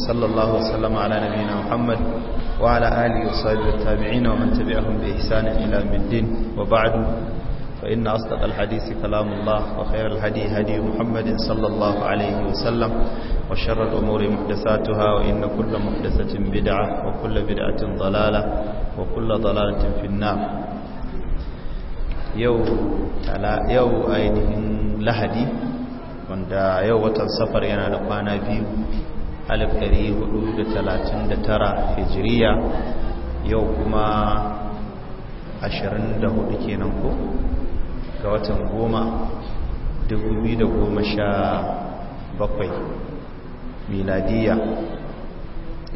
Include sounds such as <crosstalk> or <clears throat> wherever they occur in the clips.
وصلى الله وسلم على نبينا محمد وعلى آله وصحبه التابعين ومن تبعهم بإحسان إلى الدين وبعد فإن أصدق الحديث كلام الله وخير الهدي هدي محمد صلى الله عليه وسلم وشر الأمور محدثاتها وإن كل محدثة بدعة وكل بدعة ضلالة وكل ضلالة في النار يو يو أينهم لهدي وأن يو watan سفر yana da 1439 hijriya yau kuma 24 kenan ko ga watan goma 2017 miladiya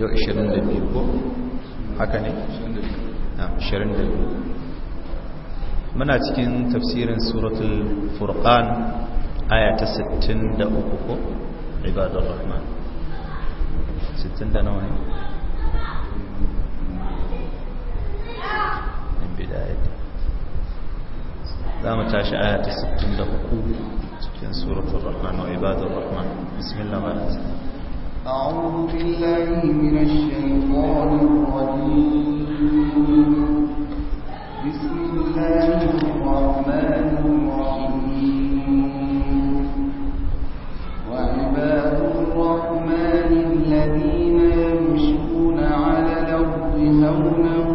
yau 22 ko haka ne? 22 muna cikin tafsirin suratul furqan aya ta 63 ko ibadar rahman 60 ده من بداية دامت عشر آيات الستين له في سورة الرحمن وعباد الرحمن بسم الله الرحمن أعوذ بالله من الشيطان الرجيم بسم الله الرحمن الرحيم الرحمن الذين يمشون على الأرض هونا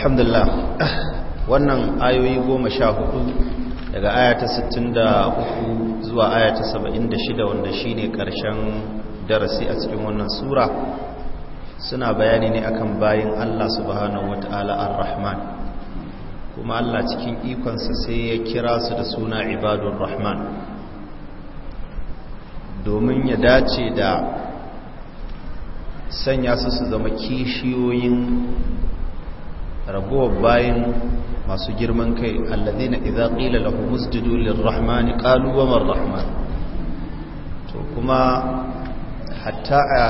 alhamdulillah wannan ayoyi goma sha hudu daga aya ta 63 zuwa aya ta 76 wanda shi ne ƙarshen darasi a cikin wannan sura suna bayani ne akan bayan Allah subhanahu ta'ala ar-rahman kuma Allah cikin ikonsa sai ya kira su da suna ibadun rahman domin ya dace da sanya su su zama kishiyoyin ragowar bayan masu girman kai na idza ƙila lahu musjidu lirrahman qalu wa mar rahman to kuma hatta a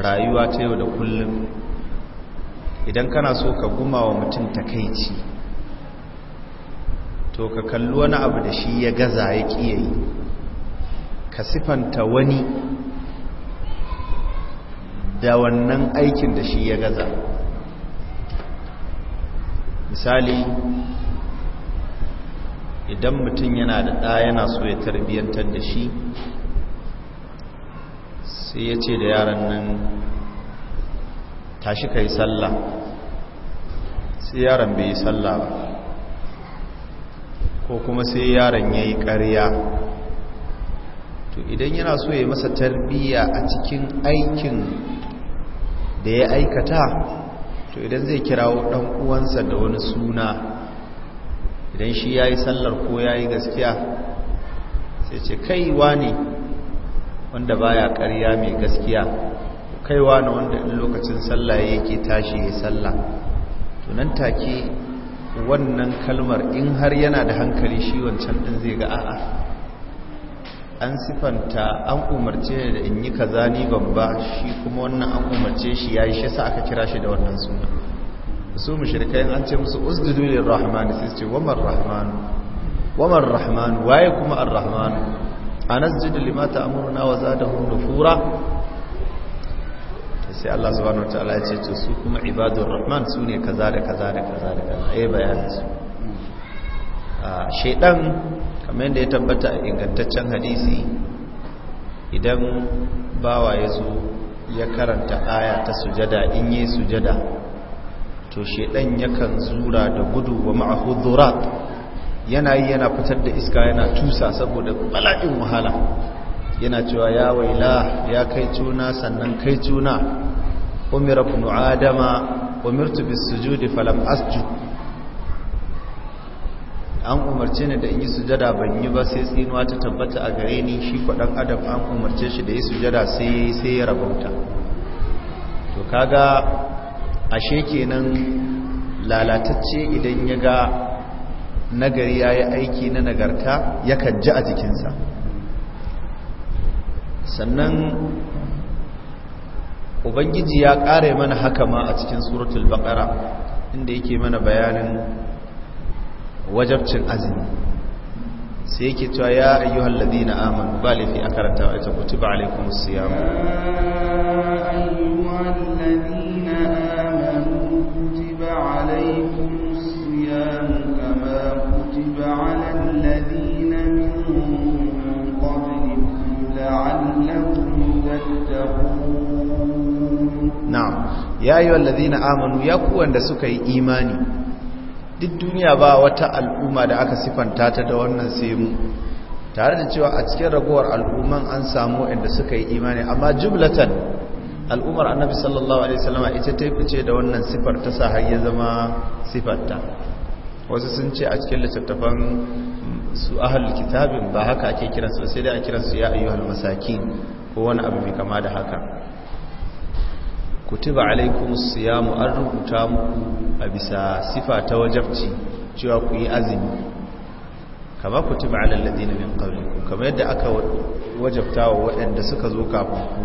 rayuwa ta yau da kullum idan kana so ka guma wa mutum takeici to ka kalli wani abu da shi ya gaza ya kiyaye ka sifanta wani da wannan aikin da shi ya gaza misali idan mutum yana da ɗa yana so ya tarbiyyantar da shi sai ya ce da yaran nan tashi ka yi sallah sai yaron bai yi sallah ba ko kuma sai yaron ya yi ƙarya to idan yana so ya masa tarbiyya a cikin aikin da ya aikata to idan zai kirawo ɗan uwansa da wani suna idan shi ya yi sallar ko ya yi gaskiya sai ce kai ne wanda ba ya karya mai gaskiya kaiwa na wanda in lokacin sallah ya yake tashi ya sallah to nan take wannan kalmar in har yana da hankali shi wancan ɗin zai ga a'a an sifanta an umarce da in yi kaza ni ban ba shi kuma wannan an umarce shi yi shi sa aka kira shi da wannan suna su mushrikai an ce musu usjudu da su ce wa rahman wa marrahman waye kuma arrahman anasjudu lima ta'muruna wa zadahum nufura sai Allah subhanahu Ta'ala ya ce to su kuma ibadur rahman su ne kaza da kaza da kaza da kaza eh bayanin su ah, shaydan amma ya tabbata a ingantaccen hadisi idan bawa ya zo ya karanta aya ta sujada in yi sujada to shedan yakan zura da gudu wa ma'ahu zura yana yi yana fitar da iska yana tusa saboda bala'in wahala yana cewa ya waila ya kai tuna sannan kai tuna umira ibn adama umirtu bis sujudi falam asjud an umarce ni da in yi sujada ban yi ba sai tsinuwa ta tabbata a gare ni shi kwaɗan adam an umarce shi da yi sujada sai ya rabauta to kaga ashe kenan lalatacce idan ya ga nagari ya yi aiki na nagarta yakan ji a jikinsa sannan ubangiji ya ƙare mana haka ma a cikin suratul baƙara inda yake mana bayanin wajabcin azumi sai yake cewa ya ayyuhal ladina amanu ba lafi a karanta wa ita kutiba alaikum siyam ya ayyuhal ladina amanu kutiba alaikum siyam kama kutiba alal ladina min qablikum la'allakum tattaqun na'am ya ayyuhal ladina amanu ya ku wanda suka yi imani duk duniya ba wata al'umma da aka sifanta ta da wannan semu tare da cewa a cikin ragowar al'umman an samu inda suka yi imani amma jublatan al'ummar annabi sallallahu alaihi wasallama ita ta fice da wannan sifar ta sa har ya zama sifarta wasu sun ce a cikin littattafan su ahlul kitabin ba haka ake kiransu sai dai a kiransu ya ayyuhal masakin ko wani abu mai kama da haka kutuba alaikum siyamu an rubuta muku a bisa sifa ta wajabci cewa ku yi azumi kama kutuba ala alladhina min qablikum kama yadda aka wajabta wa waɗanda suka zo kafin ku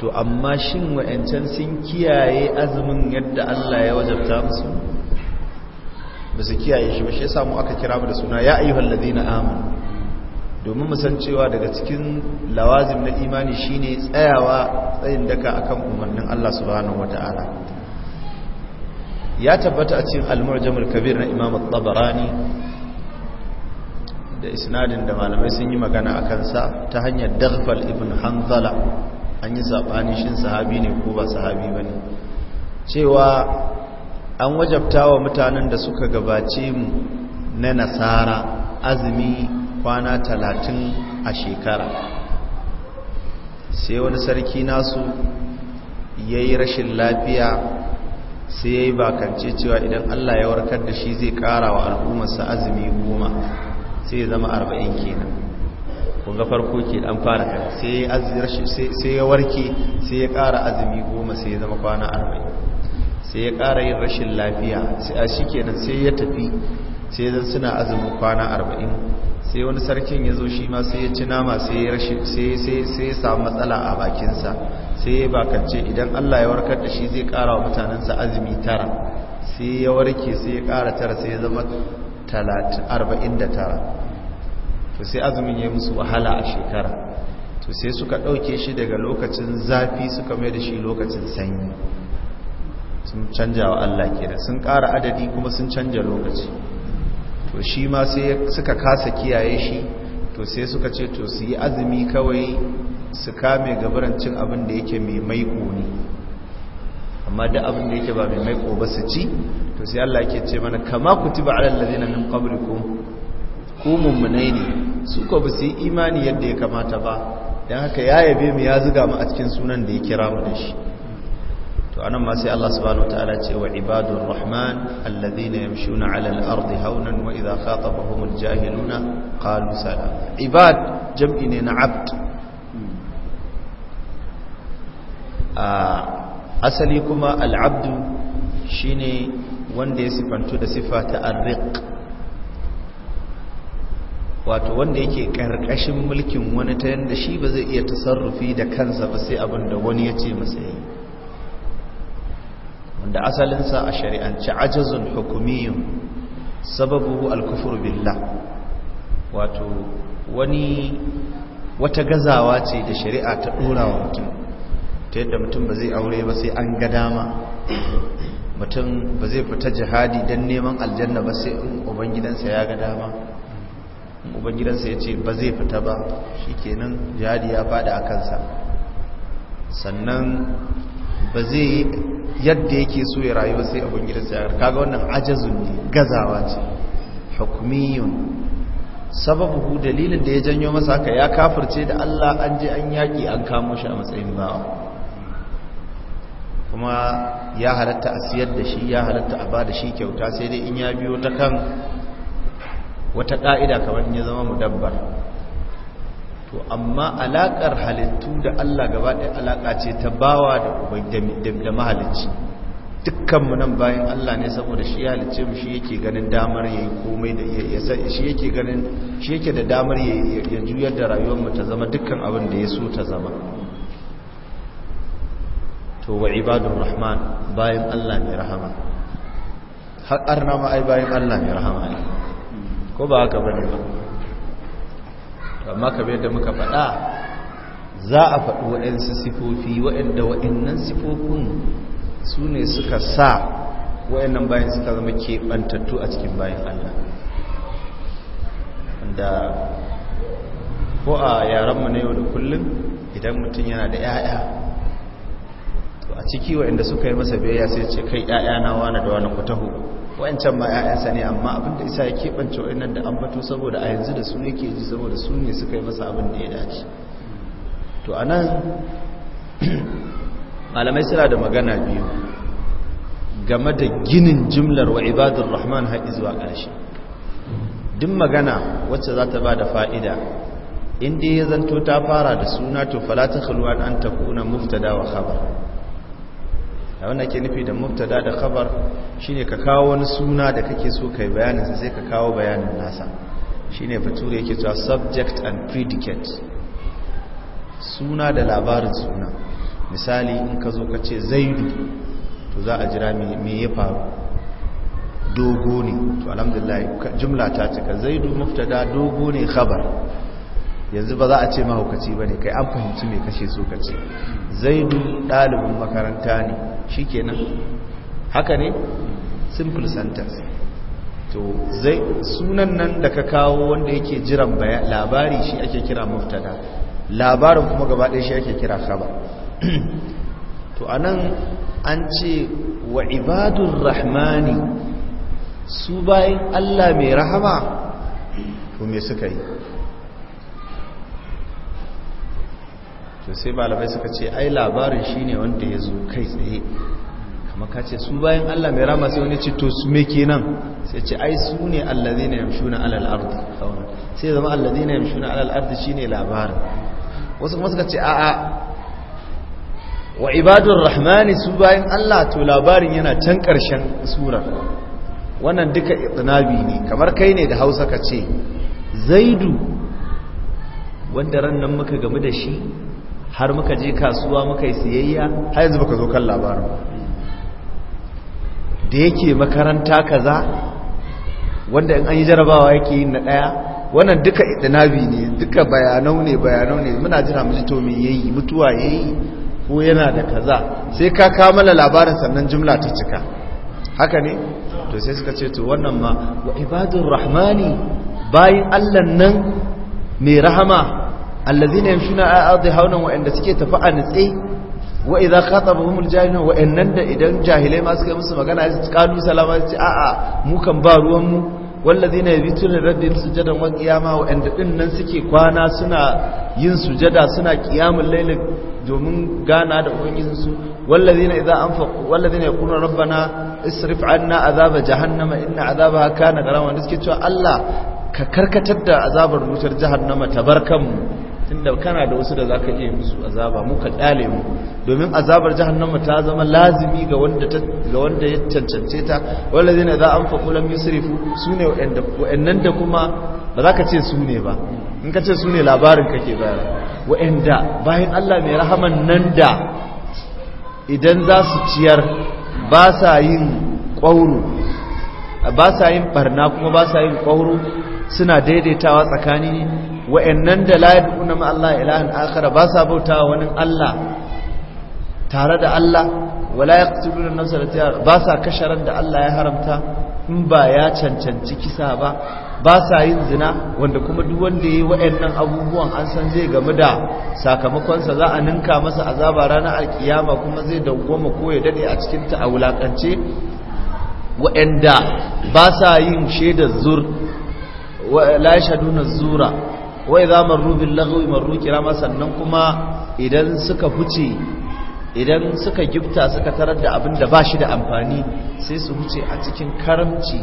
to amma shin wa'ancan sun kiyaye azumin yadda Allah ya wajabta musu ba su kiyaye shi ba shi yasa mu aka kira mu da suna ya ayyuhal ladina amanu domin musan cewa daga cikin lawazim na imani shine tsayawa tsayin daka akan umarnin Allah subhanahu wata'ala ya tabbata a cikin al murjamul kabir na Imam tabarani da isnadin da malamai sun yi magana a kansa ta hanyar Daghfal ibn Hanzala an yi sabani shin sahabi ne ko ba sahabi bane cewa an wajabta wa mutanen da suka gabace mu na nasara azumi kwana talatin a shekara sai wani sarki nasu ya yi rashin lafiya sai ya yi bakance cewa idan allah ya warkar da shi zai kara wa al'ummarsa azumi goma sai ya zama arba'in kenan kunga farko ke dan fara kan sai ya warke sai ya kara azumi goma sai ya zama kwana arba'in sai ya kara yin rashin lafiya sai a shi kenan sai ya tafi sai zan suna azumin kwana arba'in sai wani sarkin ya zo shi ma sai ya ci nama sai ya samu matsala a bakinsa sai ya bakance idan allah ya warkar da shi zai kara wa mutanensa azumi tara sai ya warke sai ya kara tara sai ya zama arba'in to sai azumin ya musu wahala a shekara to sai suka ɗauke shi daga lokacin zafi suka mai da shi lokacin sanyi sun canja wa allah kenan sun kara adadi kuma sun canja lokaci to shi ma sai suka kasa kiyaye shi to sai suka ce to su yi azumi kawai su kame gabarancin cin abin da yake mai maiko ne amma da abin da yake ba mai maiko ba su ci to sai Allah yake ce mana kama kutiba alal ladina min qablikum ku mummunai ne su ko ba su yi imani yadda ya kamata ba dan haka ya yabe mu ya zuga mu a cikin sunan da ya kira mu da shi to ma sai Allah subhanahu wataala ce wa ibadur rahman alladhina yamshuna 'ala al-ardi hawnan wa idha khatabahum al-jahiluna qalu salama ibad jam'i ne na 'abd asali kuma al-'abd shine wanda ya sifantu da sifa ta ar-riq wato wanda yake karkashin mulkin wani ta yanda shi ba zai iya tasarrufi da kansa ba sai abin da wani ya ce masa yi wanda asalinsa a shari'anci ajazun hukumiyun sababu alkufur billah wato wani wata gazawa ce da shari'a ta dora wa mutum ta yadda mutum ba zai aure ba sai an ga dama mutum ba zai fita jihadi don neman aljanna ba sai in ubangidansa ya ga dama ubangidansa ya ce ba zai fita ba shi kenan jihadi ya fada a kansa sannan ba zai yadda yake so ya rayu ba sai abin gidansa ya kaga wannan ajazun ne gazawa ce hukumiyun sababu dalilin da ya janyo masa haka ya kafirce da Allah an je an yaki an kamo shi a matsayin bawa kuma ya halatta a siyar da shi ya halatta a ba da shi kyauta sai dai in ya biyo ta kan wata ka'ida kamar in ya zama mudabbar to amma alaƙar halittu da Allah gaba ɗaya alaƙa ce ta bawa da mahalicci dukkanmu nan bayan Allah ne saboda shi ya halicce mu shi yake ganin damar yayi komai da shi yake ganin shi yake da damar ya juyar da rayuwar mu ta zama dukkan abin da ya so ta zama to wa ibadur rahman bayan Allah mai rahama har arna ma ai bayan Allah mai rahama ne ko ba haka bane ba amma kamar yadda muka faɗa za a faɗi waɗansu sifofi waɗanda waɗannan sifofin su ne suka sa waɗannan bayan suka zama keɓantattu a cikin bayan Allah wanda ko a yaranmu na yau da kullum idan mutum yana da 'ya'ya to a ciki waɗanda suka yi masa biyayya sai ce kai 'ya'ya na wane da wane ku taho wancan ma ‘ya'yansa ne amma abin da isa ya keɓance wa'innan da an bato saboda a yanzu da su ne ke ji saboda su ne suka yi masa abin da ya dace to a nan <clears throat> malamai suna da magana biyu game da ginin jimlar wa ibadun rahman haɗi zuwa ƙarshe duk magana wacce za ta ba da fa'ida inda ya zanto ta fara da suna to falatin halwa an ta kuna muftada wa khabar da wanda ke nufi da muftada da khabar shine ka kawo wani suna da kake so kai bayanin sai ka kawo bayanin nasa shine fature yake cewa subject and predicate suna da labarin suna misali in ka zo ka ce zaidu to za a jira me ya faru dogo ne to alhamdulillah jumla ta cika zaidu muftada dogo ne khabar yanzu ba za a ce mahaukaci ba ne kai an fahimci mai kashe so ka ce zaidu ɗalibin makaranta ne shikenan haka ne simple sentence to zai sunan nan da ka kawo wanda yake jiran labari shi ake kira muftada labarin kuma gaba ɗaya shi ake kira khabar <clears throat> to anan an ce wa ibadur rahmani su bayan Allah mai rahama to me suka yi to sai malamai suka ce ai labarin shine wanda ya zo kai tsaye kama ka ce su bayan Allah mai rama sai wani ce to su me nan sai ce ai su ne yamshu na alal ardi sai zama yamshu na alal ardi ne labarin wasu kuma suka ce a'a wa ibadun rahmani su bayan Allah to labarin yana can ƙarshen surar wannan duka itinabi ne kamar kai ne da Hausa ka ce zaidu wanda ran nan muka gamu da shi har muka je kasuwa muka yi siyayya har yanzu baka zo kan labarin da yake makaranta kaza wanda in an yi jarabawa yake yin na daya wannan duka idinabi ne duka bayanau ne bayanau ne muna jira mu ji to me yayi mutuwa yayi ko yana da kaza sai ka kamala labarin sannan jumla ta cika haka ne to sai suka ce to wannan ma wa ibadur rahmani bayin Allah nan mai rahama allazina yamshuna a ardi hauna inda suke tafi a nitse wa idza khatabahum aljahilun wa'annan da idan jahilai ma suka musu magana su kalu salama su a'a mu kan ba ruwan mu wallazina yabituna raddin sujadan wa qiyama wa'anda din nan suke kwana suna yin sujada suna qiyamul layl domin gana da ubangijin su wallazina idza anfaqu wallazina yaquluna rabbana isrif anna azaba jahannama inna azabaha kana garama wanda suke cewa Allah ka karkatar da azabar wutar jahannama tabarkanmu tunda kana da wasu da zaka iya musu azaba mu ka kyale mu domin azabar jahannama ta zama lazimi ga wanda ga wanda ya cancance ta wallazina za anfaqu lam yusrifu sune wa'annan da kuma ba za ka ce su ba in ka ce su labarin kake bayar wa'anda bayan Allah mai rahaman nan da idan za su ciyar ba sa yin kwauru ba sa yin barna kuma ba sa yin kwauru suna daidaitawa tsakani wa'annan da la yad'una ma Allah ilahan akhar ba sa bauta wani Allah tare da Allah wala yaqtuluna nafsa ta ba sa kasharar da Allah ya haramta in ba ya cancanci kisa ba ba sa yin zina wanda kuma duk wanda yi wa'annan abubuwan an san zai game da sakamakonsa sa za a ninka masa azaba ranar alkiyama kuma zai dangoma ko ya dade a cikin ta a wulakance wa'anda ba sa yin shaidar zur la shaduna zura wai za marru bil lagwi marru kirama sannan kuma idan suka huce idan suka gifta suka tarar da abin da ba shi da amfani sai su huce a cikin karamci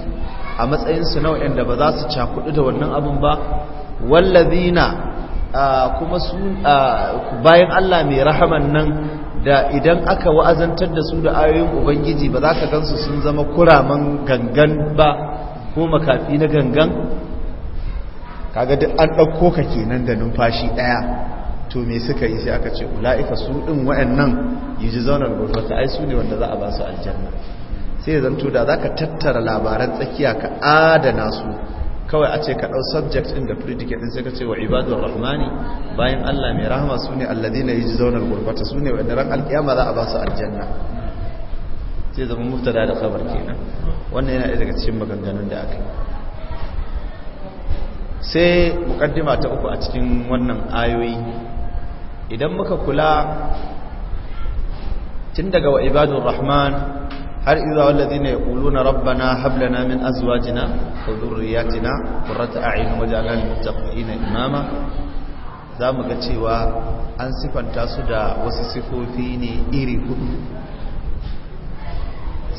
a matsayinsu na waɗanda ba za su cakudu da wannan abin ba wallazina kuma su bayan Allah mai rahaman nan da idan aka wa'azantar da su da ayoyin ubangiji ba za ka gansu sun zama kuraman gangan ba ko makafi na gangan kaga duk an ɗauko ka kenan da numfashi daya to me suka yi sai aka ce ula'ika su ɗin wa'annan yi zaunar gurfata ai su ne wanda za a ba su aljanna sai ya zanto da zaka tattara labaran tsakiya ka adana su kawai a ce ka dau subject ɗin da predicate din sai ka ce wa ibadu rahmani bayan allah mai rahama su ne alladina yiji zaunar gurfata su ne wanda ran za a ba su aljanna sai zama muftada da khabar kenan wannan yana daga cikin maganganun da aka yi sai mukaddima ta uku a cikin wannan ayoyi idan muka kula tun daga wa ibadun rahman har izuwa wallazi ne kuluna rabbana hablana min azwajina wa dhurriyyatina qurrata a'yun waj'alna lil muttaqina imama zamu ga cewa an sifanta su da wasu sifofi ne iri hudu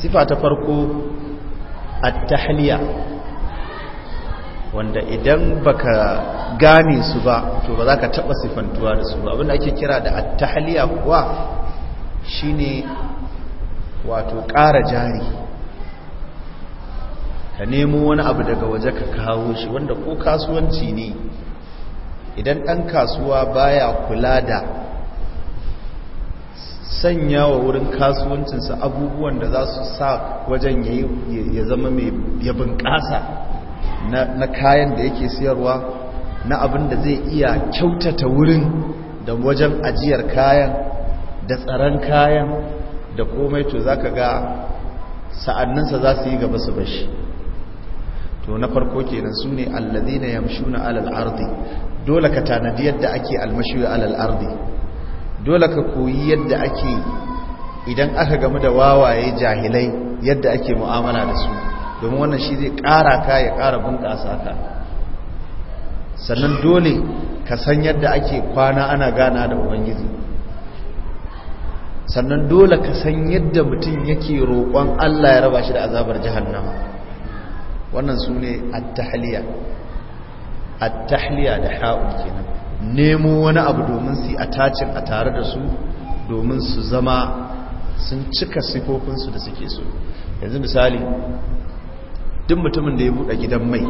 sifa ta farko at-tahliya wanda idan baka gane su ba to ba za ka taɓa sifantuwa da su ba abinda ake kira da attahaliya kuwa shine wato ƙara jari ka nemo wani abu daga waje ka kawo shi wanda ko kasuwanci ne idan ɗan kasuwa baya kula da sanya wa wurin kasuwancinsa abubuwan da za su sa wajen ya zama mai ya bunƙasa na kayan da yake siyarwa na abin da zai iya kyautata wurin da wajen ajiyar kayan da tsaron kayan da komai to za ka ga sa'anninsa za su yi gaba su bashi to na farko kenan su ne allazi na yamshu na alal ardi dole ka tanadi yadda ake almashi alal ardi dole ka koyi yadda ake idan aka gamu da wawaye jahilai yadda ake mu'amala da su domin wannan shi zai ƙara ka ya ƙara bunƙasa ka sannan dole ka san yadda ake kwana ana gana da ubangiji sannan dole ka san yadda mutum yake roƙon allah ya raba shi da azabar nama wannan su ne attahliya attahliya da ha'un kenan nemo wani abu domin su yi tacin a tare da su domin su zama sun cika sifofinsu da suke so yanzu misali duk mutumin da ya buɗe gidan mai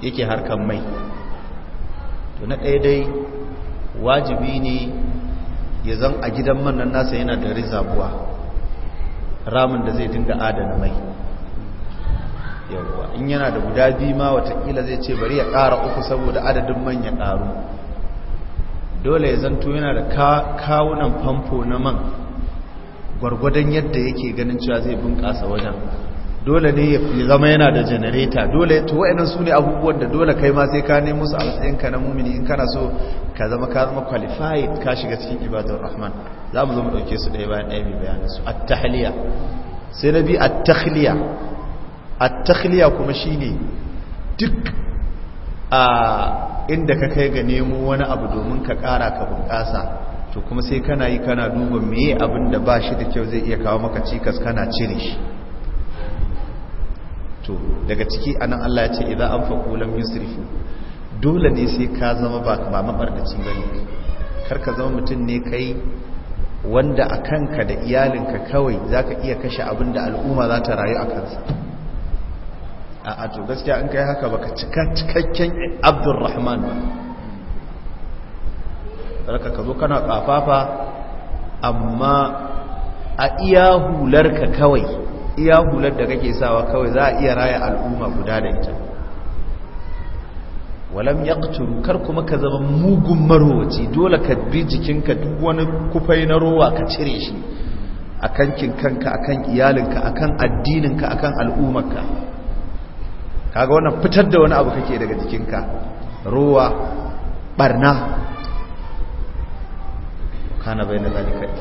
yake harkan mai to na ɗaya dai wajibi ne ya zan a gidan man nan nasa yana da rizabuwa ramin da zai dinga adana mai yawwa in yana da guda biyu ma watakila zai ce bari ya ƙara uku saboda adadin man ya ƙaru dole ya zanto yana da kawunan famfo na man gwargwadon yadda yake ganin cewa zai bunƙasa wajen dole ne ya zama yana da janareta dole to wayannan sune abubuwan da dole kai ma sai ka nemo su a matsayin ka na mumini in kana so ka zama ka zama qualified ka shiga cikin ibadar rahman za mu zo mu dauke su ɗaya bayan ɗaya mai bayanin su at-tahliya sai na bi at-takhliya at-takhliya kuma shine duk a inda ka kai ga nemo wani abu domin ka ƙara ka bunƙasa to kuma sai kana yi kana duba meye abin da ba shi da kyau zai iya kawo maka cikas kana cire shi to daga ciki anan Allah ya ce idan an lam yusrifu dole ne sai ka zama ba ba mabarkacin bane kar ka zama mutum ne kai wanda a kanka da iyalinka kawai zaka iya kashe abin al'umma za ta rayu a kansa a to gaskiya an kai haka baka cika cikakken abdurrahman ba raka ka zo kana kafafa amma a iya hularka kawai iya hular da kake sawa kawai za a iya raya al'umma guda da ita walam kuturu kar kuma ka zama mugun marowaci dole ka bi jikinka duk wani kufai na rowa ka cire shi a kankin kanka kan iyalinka kan addininka kan al'ummarka kaga wannan fitar da wani abu kake daga jikinka rowa barna kana na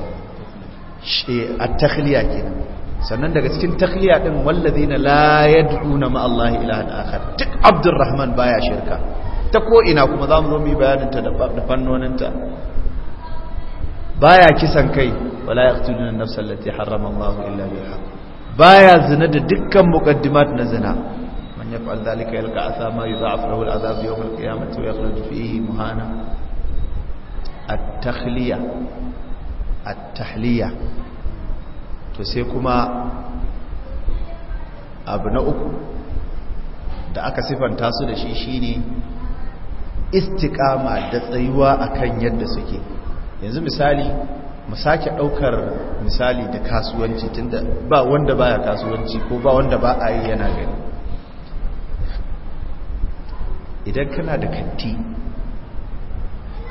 shi takhliya kenan sannan daga cikin takhliya din wallazina la yad'una ma Allah ilahan akhar duk Abdurrahman baya shirka ta ko ina kuma zamu zo mu yi bayanin ta da fannonin ta baya kisan kai wala yaqtuluna an-nafsa allati harrama Allah illa bil haqq baya zina da dukkan muqaddimat na zina man yaf'al dhalika yalqa athama yudha'af lahu al-'adhab yawm al-qiyamati wa yakhruju fihi muhana at-takhliya at-tahliya to sai kuma abu na uku da aka sifanta su da shi shi shine istikama da tsayuwa a kan yadda suke yanzu misali mu sake daukar misali da kasuwanci tunda ba wanda baya kasuwanci ko ba wanda ba a yi yana gani idan kana da kanti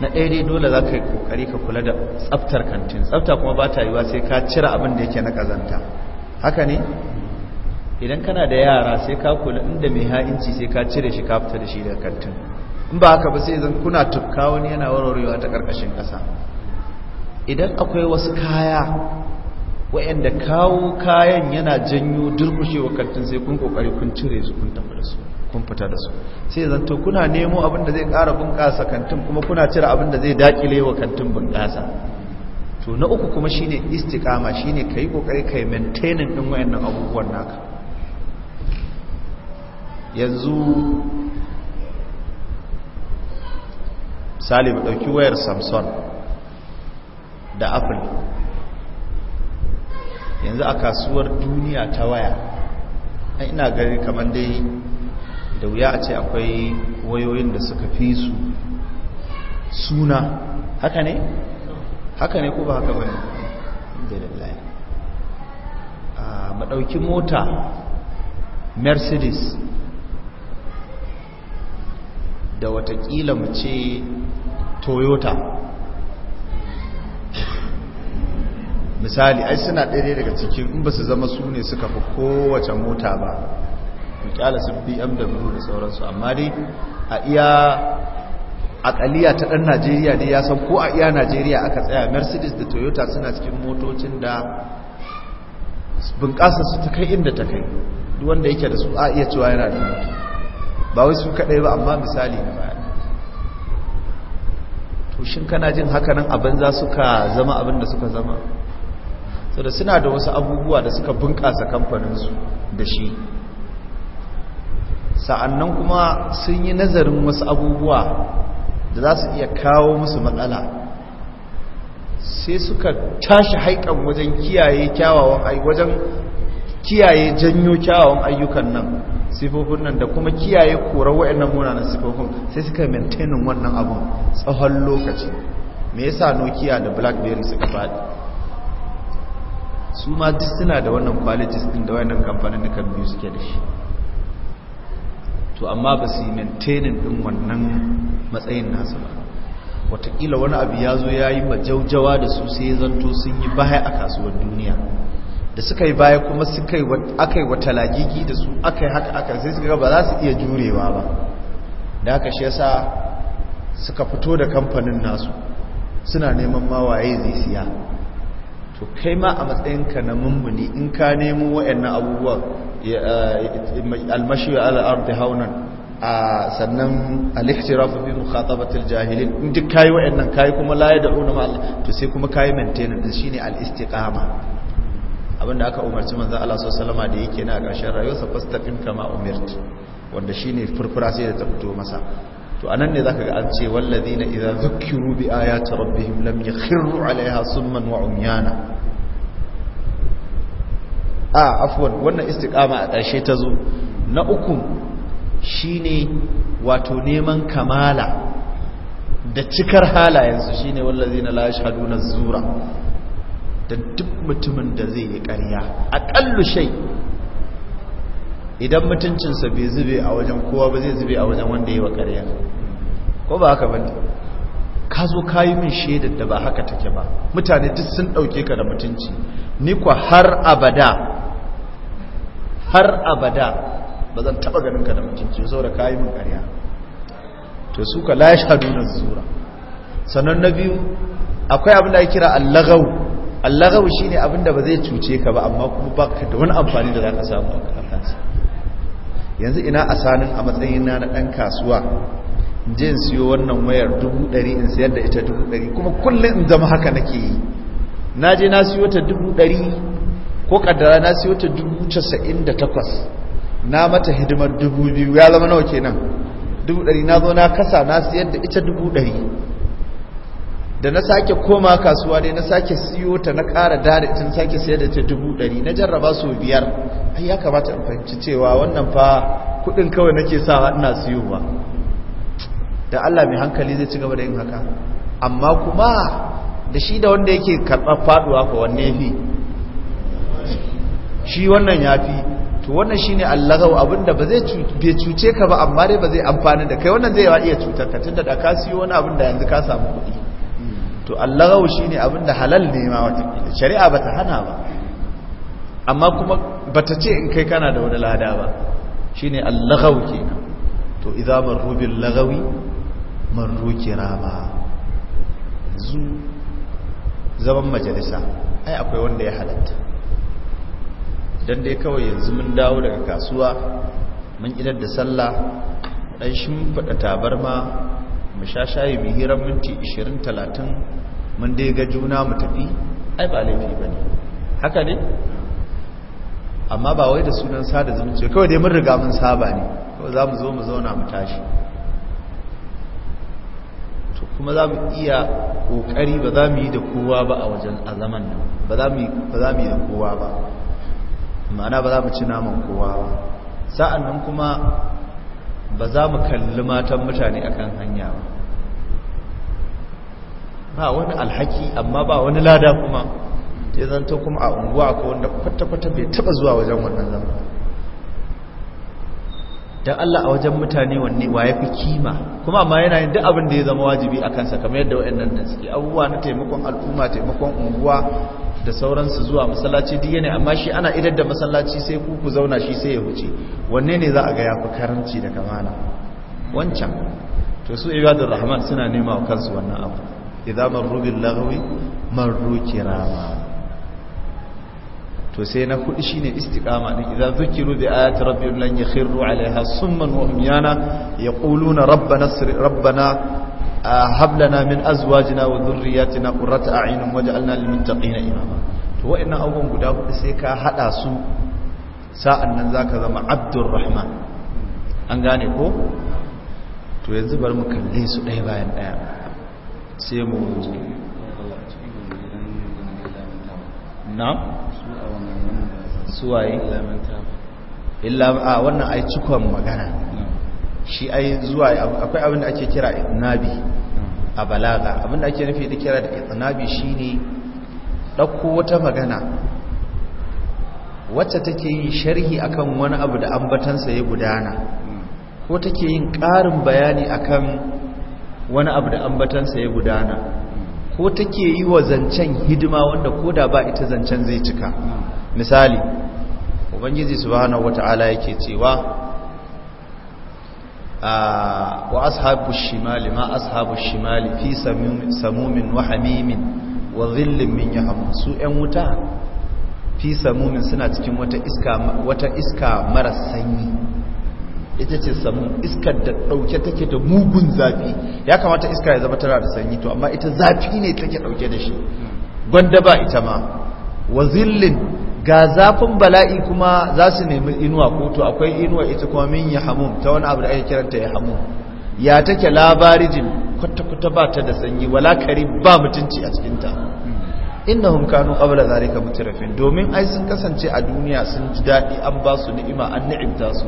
na ɗaya dai dole za ka yi ƙoƙari ka kula da tsaftar kantin tsafta kuma ba ta yiwa sai ka cira abin da yake na ƙazanta haka ne idan kana da yara sai ka kula inda mai ha'inci sai ka cire shi ka fita da shi daga kantin in ba haka ba sai zan kuna tukka wani yana warwarewa ta ƙarƙashin ƙasa idan akwai wasu kaya wa'anda kawo kayan yana janyo durkushewa kantin sai kun ƙoƙari kun cire su kun tafi da su kun fita da su sai zanto kuna nemo abin da zai ƙara bunƙasa kantin kuma kuna cire abin da zai dakile wa kantin bunƙasa to na uku kuma shine istiqama shine kai kokari kai maintaining ɗin wayannan abubuwan naka yanzu misali mu dauki wayar Samsung da Apple yanzu a kasuwar duniya ta waya ina gari kamar dai da wuya a ce akwai wayoyin da suka fi su suna haka ne haka ne ko ba haka bane alhamdulillah a maɗauki mota mercedes da watakila mu ce toyota misali ai suna ɗaya daga cikin in ba su zama su ne suka fi kowace mota ba ku kyala su BMW da sauransu amma dai a iya akaliya ta dan Najeriya dai ya san ko a iya Najeriya aka tsaya Mercedes da Toyota suna cikin motocin da bunƙasa su ta kai inda ta kai duk wanda yake da su a iya cewa yana da moto ba wai su kadai ba amma misali na baya to shin kana jin hakanan abin za suka zama abin da suka zama saboda suna da wasu abubuwa da suka bunƙasa kamfaninsu da shi sa'annan kuma sun yi nazarin wasu abubuwa da za su iya kawo musu matsala sai suka tashi haikan wajen kiyaye kyawawan wajen kiyaye janyo kyawawan ayyukan nan sifofin nan da kuma kiyaye korar wa'annan munanan sifofin sai suka maintainin wannan abun tsawon lokaci me yasa nokia da blackberry suka faɗi su ma duk suna da wannan qualities ɗin da wayannan kamfanin da kan biyu suke da shi to amma ba su yi maintainin ɗin wannan matsayin nasu ba Wataƙila wani abu ya zo ya yi majaujawa da su sai zanto sun yi baya a kasuwar duniya da suka yi baya kuma aka yi wata lagigi da su aka yi haka aka sai suka ba za su iya jurewa ba da aka shi yasa suka fito da kamfanin nasu suna neman mawaye zai siya to kai ma a matsayinka na mummuni in ka nemo waɗannan abubuwan almashi ala ardi haunan a sannan al bi mukhatabatil jahilin in duk kai wayannan kai kuma la ya da'una ma Allah to sai kuma kai maintenance din shine al-istiqama abinda aka umarci manzo Allah sallallahu alaihi da yake na karshen rayuwarsa fastaqim kama umirt wanda shine furfura sai da ta fito masa to anan ne zaka ga an ce wallazina idza zukkiru bi ayati rabbihim lam yakhiru alaiha summan wa umyana a afwan wannan istiqama a ƙarshe ta zo na uku shine wato neman kamala da cikar halayensu shine wallazina la yashhaduna zura da duk mutumin da zai yi ƙarya aqallu shay' idan mutuncinsa bai zube a wajen kowa ba zai zube a wajen wanda yi wa ƙarya ko ba haka ba ka zo ka yi min shaidar da ba haka take ba mutane duk sun ɗauke ka da mutunci ni kwa har abada har abada ba zan taɓa ganin ka da mutunci saboda ka yi min ƙarya to su ka la shaduna zura sannan na biyu akwai abin da ya kira Allagau shi shine abin da ba zai cuce ka ba amma kuma ba ka da wani amfani da za ka samu a yanzu ina asanin a matsayina na ɗan kasuwa jin siyo wannan wayar dubu ɗari in siyar da ita dubu ɗari kuma kullum in zama haka nake yi na je na siyo ta dubu ɗari ko ƙaddara na siyo ta dubu casa'in da takwas na mata hidimar dubu biyu ya zama nawa kenan dubu ɗari na zo na kasa na siyar da ita dubu ɗari da na sake koma kasuwa dai na sake siyo ta na ƙara dare tun sake sayar da ta dubu ɗari na jarraba sau biyar ai ya kamata in fahimci cewa wannan fa kuɗin kawai nake sawa ina ba. da Allah mai hankali zai ci gaba da yin haka amma kuma da shi da wanda yake karɓar faɗuwa ko wanne fi shi wannan ya fi to wannan shine allagau abinda ba zai bai cuce ka ba amma dai ba zai amfani da kai wannan zai iya cutar ka tunda da ka siyo wani abin da yanzu ka samu kuɗi to shi shine abinda halal ne ma wata shari'a bata hana ba amma kuma bata ce in kai kana da wani lada ba shine ke kenan to idza marru bil lagawi marru kirama zu zaman majalisa ai akwai wanda ya halatta don dai kawai yanzu mun dawo daga kasuwa mun idar da sallah faɗa tabar tabarma mu sha shayi mu hirar minti 20 30 mun dai ga juna mu tafi ai ba laifi ba ne, haka ne amma ba wai da sunan sada zumunci kawai dai mun riga mun saba ne kawai za mu zo mu zauna mu tashi to kuma za mu iya ƙoƙari ba za mu yi da kowa ba a wajen a zaman nan ba za mu yi da kowa ba ma'ana ba za mu ci naman kowa ba sa'an nan kuma ba za mu kalli matan mutane akan hanya ba ba wani alhaki amma ba wani lada kuma ya zanto kuma a unguwa ko wanda kwata-kwata bai taba zuwa wajen wannan zama don Allah a wajen mutane wanne wa ya fi kima kuma ma yana yin duk abin da ya zama wajibi a kansa kamar yadda wa'annan da suke abubuwa na taimakon al'umma taimakon unguwa da sauransu zuwa masallaci duk yana amma shi ana idar da masallaci sai ku ku zauna shi sai ya huce wanne ne za a ga yafi karanci da kamala wancan to su ibadur rahman suna nema wa kansu wannan abu idza marru bil lagwi marru kirama to sai na kudi shine istiqama din idza zukiru bi ayati rabbil lan yakhiru alaiha summan wa umyana yaquluna rabbana rabbana hab lana min azwajina wa dhurriyyatina qurrata a'yunin waj'alna lil muttaqina imama to wa'annan abun guda hudu sai ka hada su sa'an nan zaka zama Rahman. an gane ko to yanzu bari mu kalle su ɗaya bayan ɗaya sai mu na suwaye illa a wannan ai cikon magana shi ai zuwa akwai abin da ake kira itnabi a balaga abin da ake nufi da kira da itnabi shine dauko wata magana wacce take yin sharhi akan wani abu da ambatansa ya gudana ko take yin ƙarin bayani akan wani abu da ambatansa ya gudana ko take yi wa zancen hidima wanda ko da ba ita zancen zai cika misali ubangiji subhanahu wata'ala yake cewa واصحاب الشمال shimali ma الشمال shimali fi samumin wa hamimin من zillin min yaham su ƴan wuta fi samumin suna cikin wata iska wata iska mara sanyi ita ce samun iskar da dauke take da mugun zafi ya kamata iska ya zama tana da sanyi to amma ita zafi ne take ɗauke da shi gwanda ba ita ma wa zillin ga zafin bala'i kuma za su nemi inuwa kotu akwai inuwa ita kuma min ya hamun ta wani abu da ake kiranta ya hamun ya take labarijin kwata-kwata ba ta da sanyi wala kari ba mutunci a cikinta innahum kanu qabla zalika rafin domin ai sun kasance a duniya sun ji dadi an ba su ni'ima an ni'imta su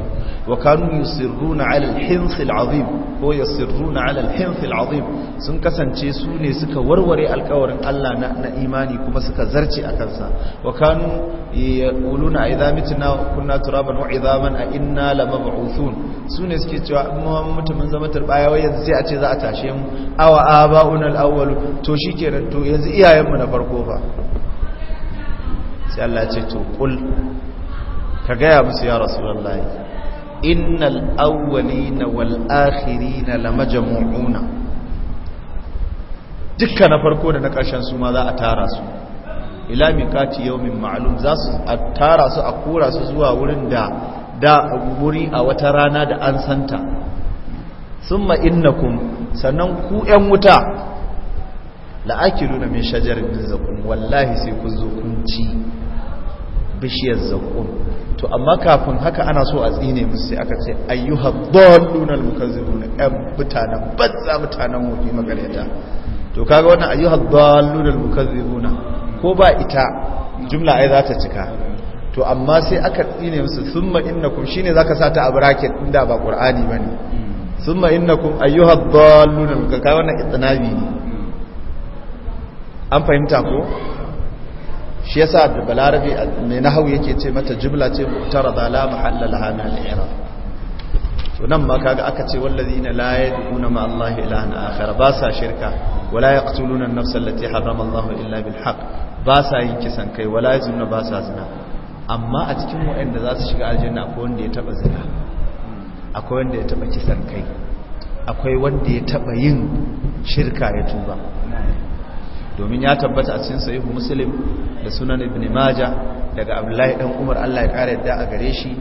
wa kanu yusirruna 'ala al-hins al-'azim ko yusirruna 'ala al-hins al-'azim sun kasance su ne suka warware alƙawarin Allah na, na imani kuma suka zarce a kansa wa kanu yaquluna idza mitna kunna turaban wa idhaman a inna lamab'uthun su ne suke cewa mu mutumin zama turbaya wai yanzu sai a ce za a tashe mu awa aba'una al-awwal to shikenan to yanzu mu na farko ba sai Allah ce to kul ka gaya musu ya rasulullahi innal awwalina wal akhirina lamajmu'una dukka na farko da na ƙarshen su ma za a tara su ila miqati yawmin ma'lum za su a tara su a kura su zuwa wurin da da wuri a wata rana da an santa summa innakum sannan ku ƴan wuta la'akiluna min shajarin zakun wallahi sai kun zo kun ci bishiyar zakun to amma kafin haka ana so a tsine musu sai aka ce ayyuha dalluna almukazzibuna ɗan mutanen banza mutanen wofi magareta to kaga wannan ayyuha dalluna almukazzibuna ko ba ita jumla ai za ta cika to amma sai aka tsine musu thumma innakum shine zaka sa ta a bracket inda ba qur'ani bane thumma innakum ayyuha dalluna kaga wannan itnabi ne an fahimta ko shi yasa da balarabi mai hau yake ce mata jibla ce da la mahalla laha hana al to nan ma kaga aka ce wallazina la yad'una ma Allah ilahan akhar ba sa shirka wala yaqtuluna an nafs allati harrama Allah illa bil haqq ba sa yin kisan kai wala yazunna ba sa zina amma a cikin waɗanda za su shiga aljanna akwai wanda ya taba zina akwai wanda ya taba kisan kai akwai wanda ya taba yin shirka ya tuba domin ya tabbata a cikin sahihu muslim da sunan ibn maja daga abdullahi dan umar Allah ya kare yadda a gare shi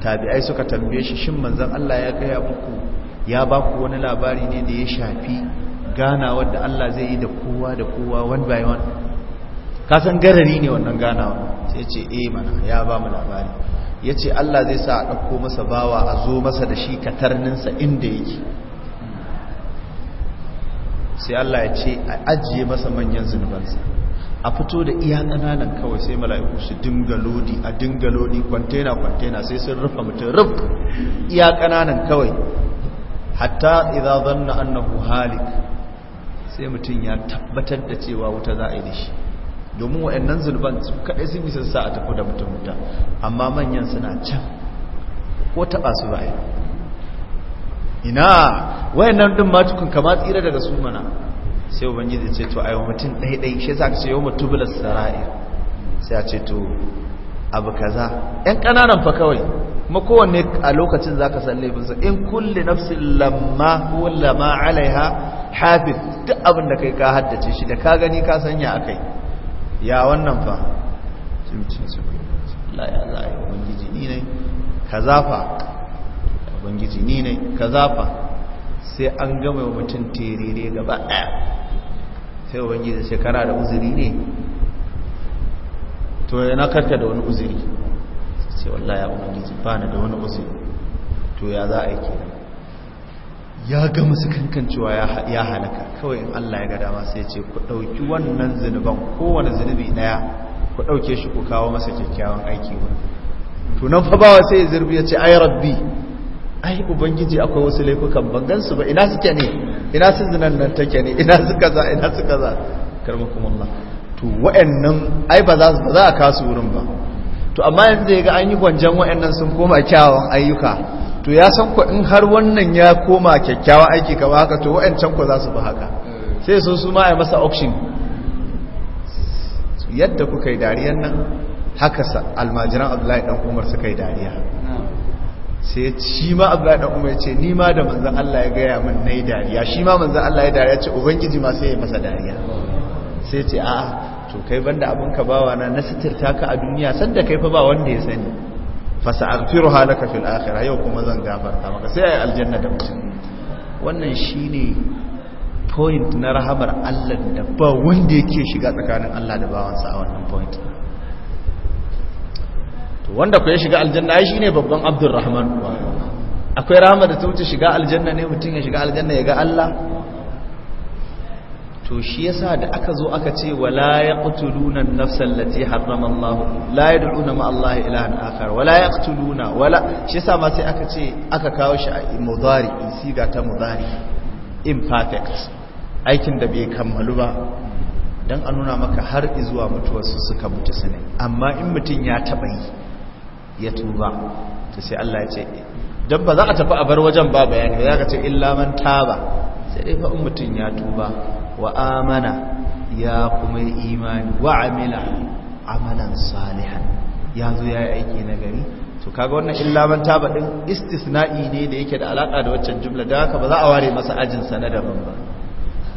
tabi'ai suka tambaye shi shin manzon Allah ya gaya muku ya ba ku wani labari ne da ya shafi ganawa da Allah zai yi da kowa da kowa one by one ka san garari ne wannan ganawa sai ce eh mana ya ba mu labari yace Allah zai sa a dauko masa bawa a zo masa da shi katarninsa inda yake sai Allah ya ce a ajiye masa manyan zunubansa a fito da iya ƙananan kawai sai mala'iku su dinga lodi a dinga lodi kwantena kwantena sai sun rufa mutum ruf iya ƙananan kawai hatta idza zanna annahu halik sai mutum ya tabbatar da cewa wuta za a yi da shi domin waɗannan zunuban su kaɗai sun yi sassa a tafi da mutum wuta amma manyan suna can ko taɓa su ba ina wayannan din ma cikin kama tsira daga su mana sai ubangiji ce to ayo mutum ɗaya ɗaya shi yasa ka ce yau mutubul sara'i sai a ce to abu kaza Yan ƙananan fa kawai kuma kowanne a lokacin zaka san laifinsa in kulli nafsin lamma wala lamma alaiha hafiz duk abin da kai ka haddace shi da ka gani ka sanya a kai ya wannan fa cimcin su la ya za ubangiji ni ne ka zafa ubangiji ni ne ka zafa sai an gama wa mutum terere gaba ɗaya sai ubangiji shekara da uzuri ne to ya na karka da wani uzuri sai wallahi ya ubangiji ba na da wani uzuri to ya za a yi kenan ya gama su kankancewa ya halaka kawai in Allah ya ga dama sai ce ku ɗauki wannan zunuban kowane zunubi ɗaya ku ɗauke shi ku kawo masa kyakkyawan aiki wani tunan fa bawa sai zurbi ya ce ai rabbi ai ubangiji akwai wasu laifukan bangan su ba ina suke ne ina su zinan nan take ne ina su kaza ina su kaza Allah to wa'annan ai ba za ba za a kasu wurin ba to amma yanzu ya ga an yi gwanjan wa'annan sun koma kyawawan ayyuka to ya san ku in har wannan ya koma kyakkyawan aiki kama haka to wa'ancan ku za su ba haka sai su su ma a masa auction yadda kuka yi dariyan nan haka almajiran abdullahi dan umar suka yi dariya sai ci ma abdullahi dan umar ce ni ma da manzan Allah ya gaya min yi dariya shi ma manzan Allah ya dariya ce ubangiji ma sai ya masa dariya sai ce a'a to kai banda abin ka bawa na na sitirta ka a duniya sanda kai fa ba wanda ya sani fasa sa'aghfiruha halaka fil akhirah yau kuma zan gafarta maka sai yi aljanna da mutum wannan shine point na rahamar Allah da ba wanda yake shiga tsakanin Allah da bawansa a wannan point to wanda ku ya shiga aljanna ai shine babban abdurrahman akwai rahama da ta wuce shiga aljanna ne mutum ya shiga aljanna ya ga Allah to shi yasa da aka zo aka ce wala yaqtuluna an-nafsa allati harrama Allah la yad'una ma Allah ilahan akhar wala yaqtuluna wala shi yasa ma sai aka ce aka kawo shi a mudari siga ta mudari imperfect aikin da bai kammalu ba dan a nuna maka har zuwa mutuwarsu suka mutu sane amma in mutun ya taba yi ya tuba to sai Allah ya ce dan ba za a tafi a bar wajen ba bayani za ka ce illa man taba sai dai fa in ya tuba wa amana ya kuma imani wa amila amalan salihan ya zo ya yi aiki na gari to kaga wannan illa man taba din istisna'i ne da yake da alaka da waccan jumla da haka ba za a ware masa ajin sa na daban ba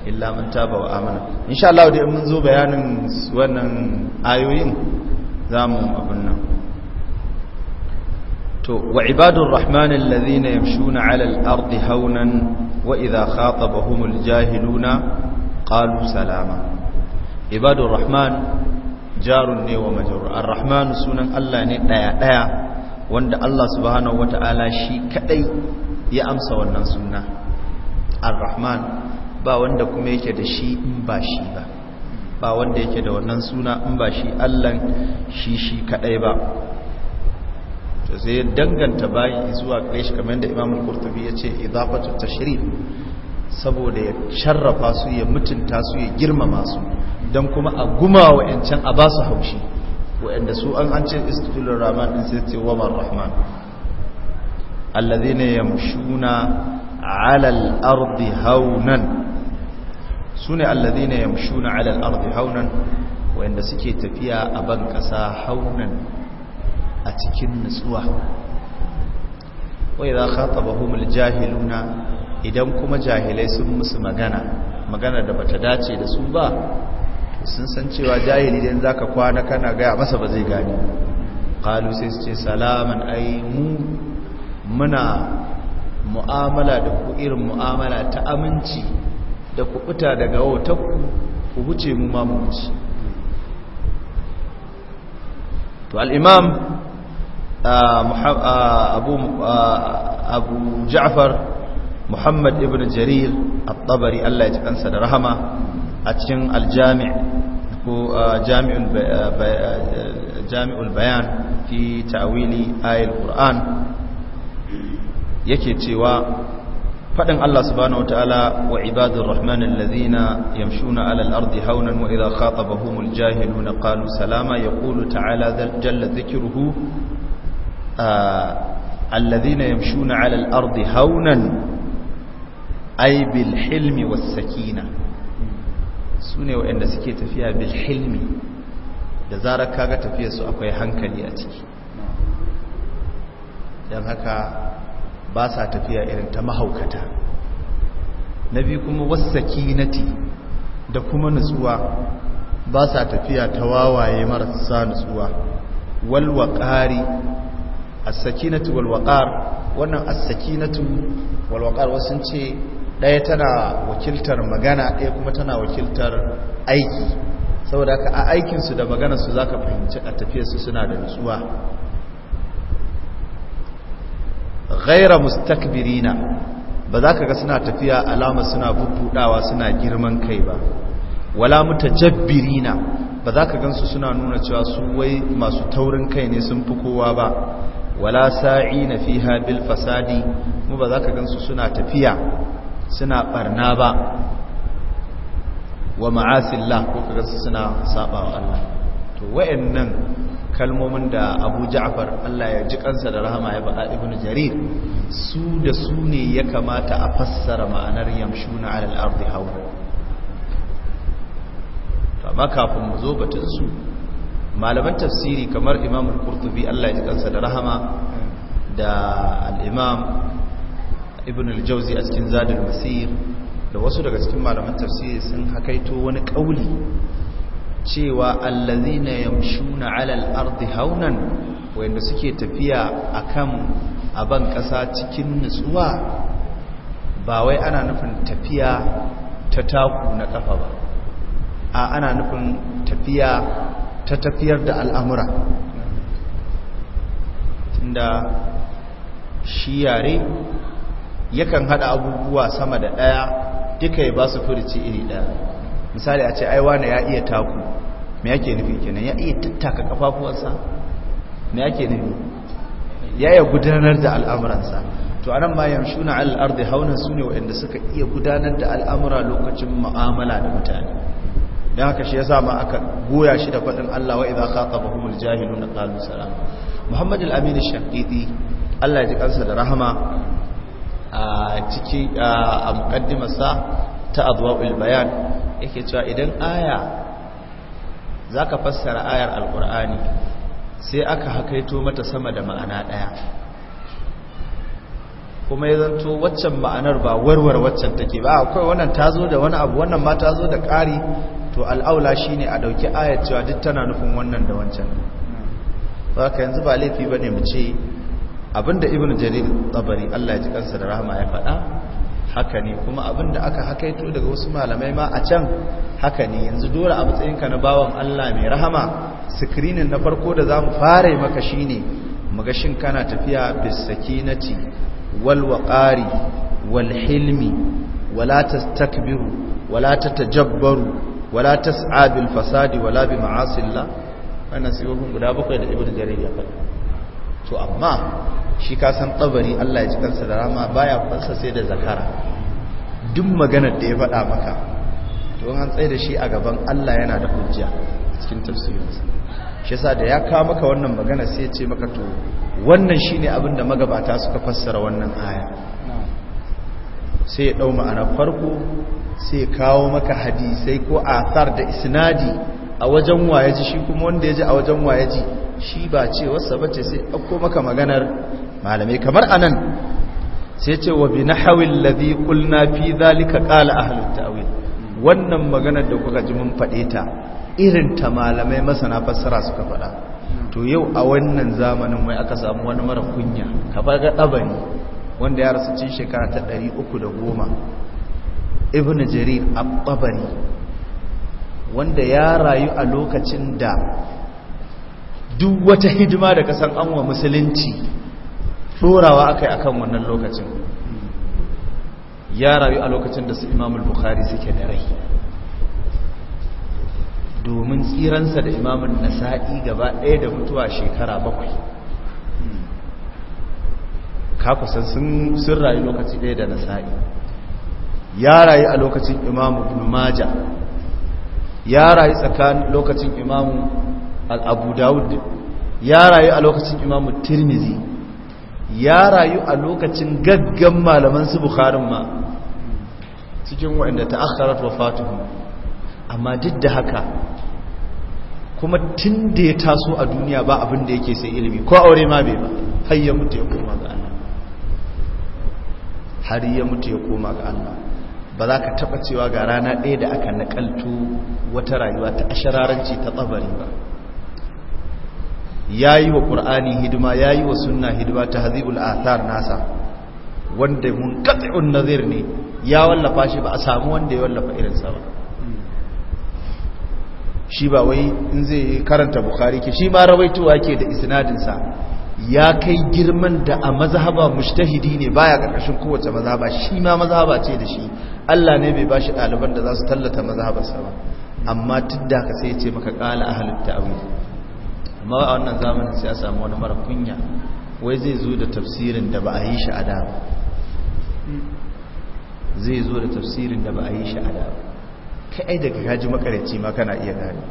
illa man taba wa amana insha Allah da mun zo bayanin wannan ayoyin zamu abun nan to wa ibadur rahman alladhina yamshuna 'ala al-ardi haunan wa idha khatabahumul jahiluna qalu salama ibadur rahman jarun ne wa majrur ar-rahman sunan Allah ne ɗaya ɗaya wanda Allah subhanahu ta'ala shi kaɗai ya amsa wannan suna ar-rahman ba wanda kuma yake da shi in ba shi ba ba wanda yake da wannan suna in ba shi allan shi shi kaɗai ba to sai danganta bayi zuwa gare shi kamar da Imam al ya yace idafatu tashrif saboda ya sharrafa su ya mutunta su ya girmama su don kuma a guma wa'ancan a ba su haushi wa'anda su an an ce istighfirur rahman din sai ce wa rahman alladhina yamshuna على الأرض هونا سنة الذين يمشون على الأرض هونا وإن سكي تفيا أبن كسا هونا a cikin nutsuwa wai za khatabahumul jahiluna idan kuma jahilai sun musu magana magana da bata dace da su ba sun san cewa jahili dan zaka kwana kana gaya masa ba zai gani qalu sai su ce salaman ai mu muna mu'amala da ku irin mu'amala ta aminci da ku fita daga wautakku ku huce mu ma mu to al-imam abu jaafar muhammad ibn jarir at-tabari Allah ya ji kansa da rahama a cikin al ko jami'ul bayan fi ta'wili ayatul qur'an yake cewa fadin Allah subhanahu wataala wa ibadur rahmanil ladhina yamshuna 'alal ardi hawnan wa idha khatabahumul jahiluna qalu salama yaqulu ta'ala jalla dhikruhu alladhina yamshuna 'ala al-ardi haunan ay bil hilmi was sakina sune waɗanda suke tafiya bil hilmi da zarar kaga tafiyar su akwai hankali a ciki dan haka ba sa tafiya irin ta mahaukata nabi kuma was sakinati da kuma nutsuwa ba sa tafiya ta wawaye marasa nutsuwa ƙari. as-sakinatu wal waqar wannan as-sakinatu wal waqar wasun ce daya tana wakiltar magana ɗaya kuma tana wakiltar aiki saboda haka a aikin su da maganar su zaka fahimci a tafiyar su suna da nutsuwa ghaira mustakbirina ba za ka ga suna tafiya alama suna bubbudawa suna girman kai ba wala mutajabbirina ba za ka gansu suna nuna cewa su wai masu taurin kai ne sun fi kowa ba wala na fi bil fasadi mu ba za ka gansu suna tafiya suna barna ba wa ma'asillah ko ka gansu suna sabawa Allah to wayannan kalmomin da Abu Ja'far Allah ya ji kansa da rahama ya ba Ibn Jarir su da su ne ya kamata a fassara ma'anar yamshuna 'ala al-ardi hawa to amma kafin mu zo batun su malaman tafsiri kamar imam al-qurtubi Allah ya ji da rahama da al-imam ibn al-jawzi a cikin zadul masir da wasu daga cikin malaman tafsiri sun hakaito wani kauli cewa allazina yamshuna ala al-ardi haunan wanda suke tafiya akan aban kasa cikin nutsuwa ba wai ana nufin tafiya ta taku na kafa ba a ana nufin tafiya ta tafiyar da al'amura tunda shi yare yakan hada abubuwa sama da daya duka ya ba su furici iri daya misali a ce aiwa na ya iya taku me yake nufi kenan ya iya tattaka kafafuwansa me yake nufi ya iya gudanar da al'amuransa to anan ma yamshuna al'ardi hauna sune waɗanda suka iya gudanar da al'amura lokacin mu'amala da mutane don haka shi yasa ma aka goya shi da faɗin Allah wa idza khatabahumul jahiluna qalu salam Muhammad al-Amin Allah ya ji kansa da rahama a ciki a muqaddimarsa ta adwaul bayan yake cewa idan aya zaka fassara ayar alkur'ani sai aka hakaito mata sama da ma'ana ɗaya kuma ya zanto waccan ma'anar ba warwar waccan take ba akwai wannan zo da wani abu wannan ma zo da ƙari to al'aula shi ne a ɗauki ayat cewa duk tana nufin wannan da wancan ka yanzu ba laifi ba ne mu ce abinda Ibn jarir tabari Allah ya ji kansa da rahama ya faɗa haka ne kuma abinda aka hakaito daga wasu malamai ma a can haka ne yanzu dole a matsayinka na bawan Allah mai rahama sikirinin na farko da za mu fara maka shine muga shin kana tafiya bisaki na ci walwaƙari walhilmi hilmi wala tastakbiru wala tatajabbaru wala tas'a bil fasadi wala bi ma'asillah wannan sifofin guda bakwai da ibnu jarir ya faɗa to amma shi ka tsabari Allah ya ji kansa da rama baya fansa sai da zakara duk maganar da ya faɗa maka to an tsaye da shi a gaban Allah yana da hujja cikin tafsirinsa shi yasa da ya kawo maka wannan magana sai ya ce maka to wannan shine abin da magabata suka fassara wannan aya sai ya dau ma'anar farko sai kawo maka hadisai ko athar da isnadi a wajen wayaji shi kuma wanda ya ji a wajen wayaji shi ba ce wasa ce sai ɗauko maka maganar malamai kamar anan sai ce wa bi nahawil ladhi qulna fi a qala ahlut ta'wil wannan maganar da kuka ji mun faɗe ta irin ta malamai masana fassara suka faɗa to yau a wannan zamanin mai aka samu wani mara kunya ka ga ne wanda ya rasu cin shekara ta ɗari uku da goma ibn jarir at wanda ya rayu a lokacin da duk wata hidima da kasan an wa musulunci yi a kan wannan lokacin ya rayu a lokacin da su imamul bukhari suke da rai domin tsiransa da imamun nasa'i gaba ɗaya da mutuwa shekara bakwai kakusan sun rayu lokaci ɗaya da nasa'i ya rayu a lokacin imamu ibn maja ya rayu tsakanin lokacin imamu al-abu dawud ya rayu a lokacin imamu tirmizi ya rayu a lokacin gaggan malaman su bukharin ma cikin waɗanda ta akharat wafatuhu amma duk da haka kuma tun da ya taso a duniya ba abinda da yake sai ilimi ko aure ma bai ba har ya mutu ya koma ga Allah har ya mutu ya koma ga Allah ba za ka taɓa cewa ga rana ɗaya da aka naƙaltu wata rayuwa ta ashararanci ta tsabari ba ya yi wa ƙur'ani hidima ya yi wa sunna hidima ta hazibul athar nasa wanda mun katsi'un nazir ne ya wallafa shi ba a samu wanda ya wallafa irinsa ba shi ba wai in zai karanta bukari ke shi ba rawaitowa ke da isnadinsa ya kai girman da a mazhaba mujtahidi ne baya karkashin kowace mazhaba shi ma mazhaba ce da shi Allah ne bai bashi ɗaliban da za su tallata mazhabarsa ba amma duk ka sai ce maka ƙala ahalin ta'awi amma a wannan zamanin sai a samu wani mara kunya wai zai zo da tafsirin da ba a yi shi a da ba zai zo da tafsirin da ba a yi shi a da ba kai daga kaji makarici ma kana iya gani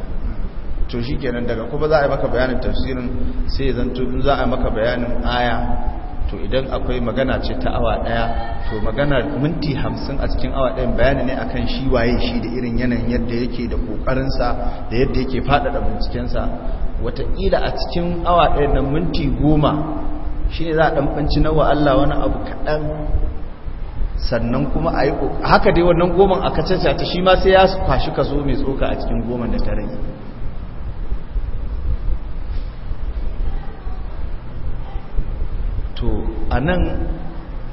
to shi kenan daga kuma za a yi maka bayanin tafsirin sai zanto in za a yi maka bayanin aya to idan akwai magana ce ta awa daya to magana minti hamsin a cikin awa ɗayan bayani ne akan shi waye shi da irin yanayin yadda yake da kokarinsa da yadda yake faɗaɗa bincikensa wataƙila a cikin awa ɗayan nan minti goma shi za a ɗanfanci na wa Allah wani abu kaɗan sannan kuma a haka dai wannan goman a kacacata shi ma sai ya kwashi kaso mai tsoka a cikin goman da ta rage to a nan